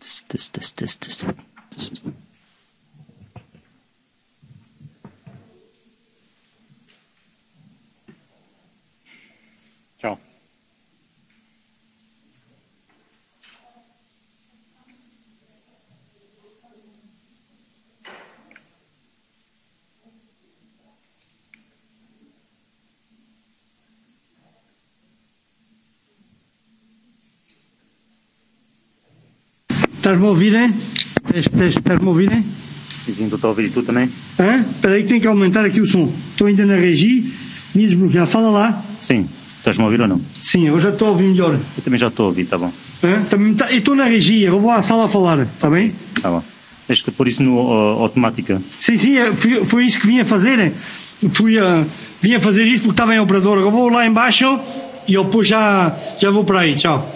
This this this this this st- Estás me a ouvir, é? Estás-me a ouvir, é? Sim, sim, estou a ouvir e tu também. Hã? Espera aí que tem que aumentar aqui o som. Estou ainda na regi, me desbloquear. Fala lá. Sim. Estás-me a ouvir ou não? Sim, eu já estou a ouvir melhor. Eu também já estou a ouvir, tá bom. Hã? Também tá, eu estou na regia, eu vou à sala a falar, tá bem? Tá bom. Tens que pôr isso no, uh, automática. Sim, sim, fui, foi isso que vim a fazer. Fui, Vim a fazer isso porque estava em operador. Eu vou lá embaixo e eu já, já vou para aí. Tchau.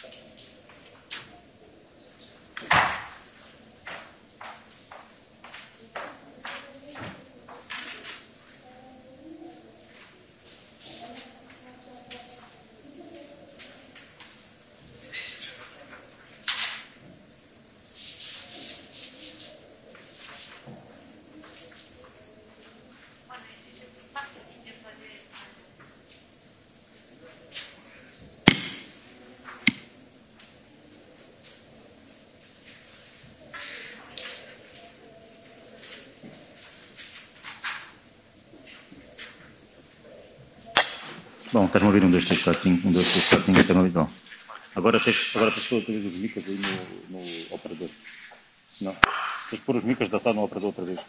um dois 400, não internacional. Agora tens, agora tens todas os micas aí no, no operador. Não. Tens que pôr os micas da SAD no operador outra vez.